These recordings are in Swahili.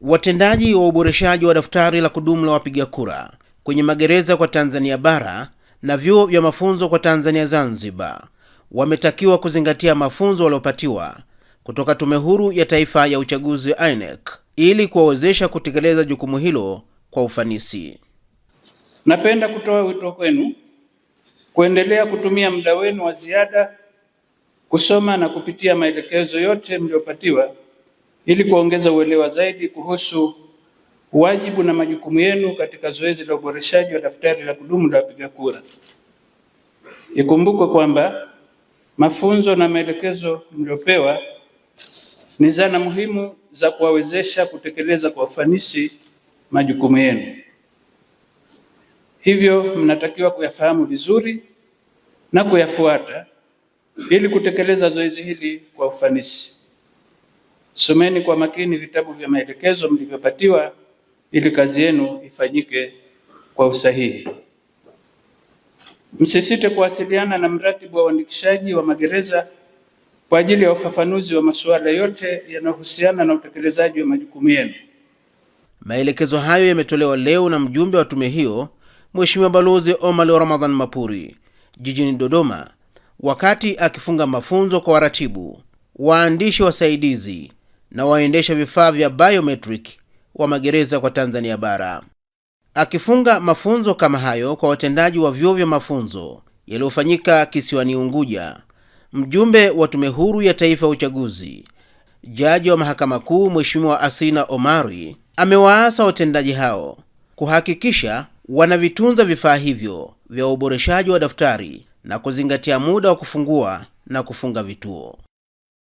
Watendaji wa uboreshaji wa daftari la kudumu la wapiga kura kwenye magereza kwa Tanzania bara na vyuo vya mafunzo kwa Tanzania Zanzibar wametakiwa kuzingatia mafunzo waliopatiwa kutoka Tume Huru ya Taifa ya Uchaguzi INEC ili kuwawezesha kutekeleza jukumu hilo kwa ufanisi. Napenda kutoa wito kwenu kuendelea kutumia muda wenu wa ziada kusoma na kupitia maelekezo yote mliyopatiwa ili kuongeza uelewa zaidi kuhusu wajibu na majukumu yenu katika zoezi la uboreshaji wa daftari la kudumu la wapiga kura. Ikumbukwe kwamba mafunzo na maelekezo mliopewa ni zana muhimu za kuwawezesha kutekeleza kwa ufanisi majukumu yenu, hivyo mnatakiwa kuyafahamu vizuri na kuyafuata ili kutekeleza zoezi hili kwa ufanisi. Someni kwa makini vitabu vya maelekezo mlivyopatiwa ili kazi yenu ifanyike kwa usahihi. Msisite kuwasiliana na mratibu wa uandikishaji wa magereza kwa ajili ya ufafanuzi wa masuala yote yanayohusiana na utekelezaji wa majukumu yenu. Maelekezo hayo yametolewa leo na mjumbe wa tume hiyo, Mheshimiwa Balozi Omar Ramadhan Mapuri jijini Dodoma wakati akifunga mafunzo kwa waratibu, waandishi wasaidizi na waendesha vifaa vya biometric wa magereza kwa Tanzania bara. Akifunga mafunzo kama hayo kwa watendaji wa vyuo vya mafunzo yaliyofanyika kisiwani Unguja, mjumbe wa Tume Huru ya Taifa ya Uchaguzi, jaji wa Mahakama Kuu Mheshimiwa Asina Omari amewaasa watendaji hao kuhakikisha wanavitunza vifaa hivyo vya uboreshaji wa daftari na kuzingatia muda wa kufungua na kufunga vituo.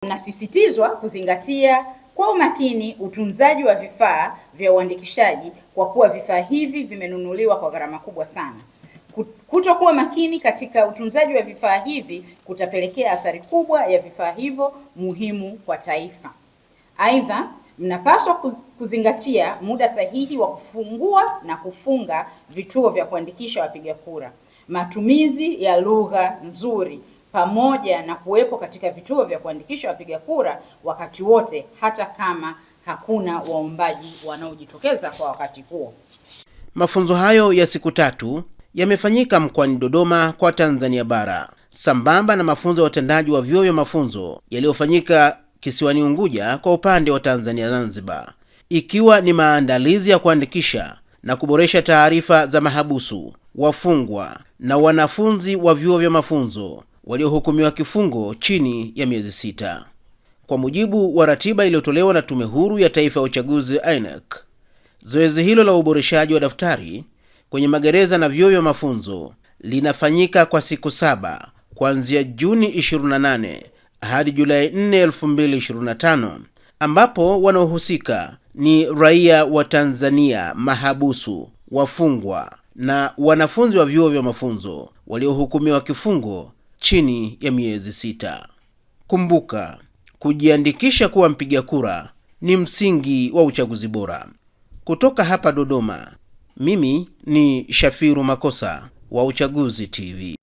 Mnasisitizwa kuzingatia kwa umakini utunzaji wa vifaa vya uandikishaji kwa kuwa vifaa hivi vimenunuliwa kwa gharama kubwa sana. Kutokuwa makini katika utunzaji wa vifaa hivi kutapelekea athari kubwa ya vifaa hivyo muhimu kwa taifa. Aidha, mnapaswa kuzingatia muda sahihi wa kufungua na kufunga vituo vya kuandikisha wapiga kura, matumizi ya lugha nzuri pamoja na kuwepo katika vituo vya kuandikisha wapiga kura wakati wote, hata kama hakuna waombaji wanaojitokeza kwa wakati huo. Mafunzo hayo ya siku tatu yamefanyika mkoani Dodoma kwa Tanzania bara sambamba na mafunzo ya watendaji wa vyuo vya mafunzo yaliyofanyika kisiwani Unguja kwa upande wa Tanzania Zanzibar, ikiwa ni maandalizi ya kuandikisha na kuboresha taarifa za mahabusu, wafungwa na wanafunzi wa vyuo vya mafunzo waliohukumiwa kifungo chini ya miezi sita. Kwa mujibu wa ratiba iliyotolewa na Tume Huru ya Taifa ya Uchaguzi INEC, zoezi hilo la uboreshaji wa daftari kwenye magereza na vyuo vya mafunzo linafanyika kwa siku saba kuanzia Juni 28 hadi Julai 4, 2025 ambapo wanaohusika ni raia wa Tanzania, mahabusu, wafungwa na wanafunzi wa vyuo vya mafunzo waliohukumiwa kifungo chini ya miezi sita. Kumbuka, kujiandikisha kuwa mpiga kura ni msingi wa uchaguzi bora. Kutoka hapa Dodoma, mimi ni Shafiru Makosa wa Uchaguzi TV.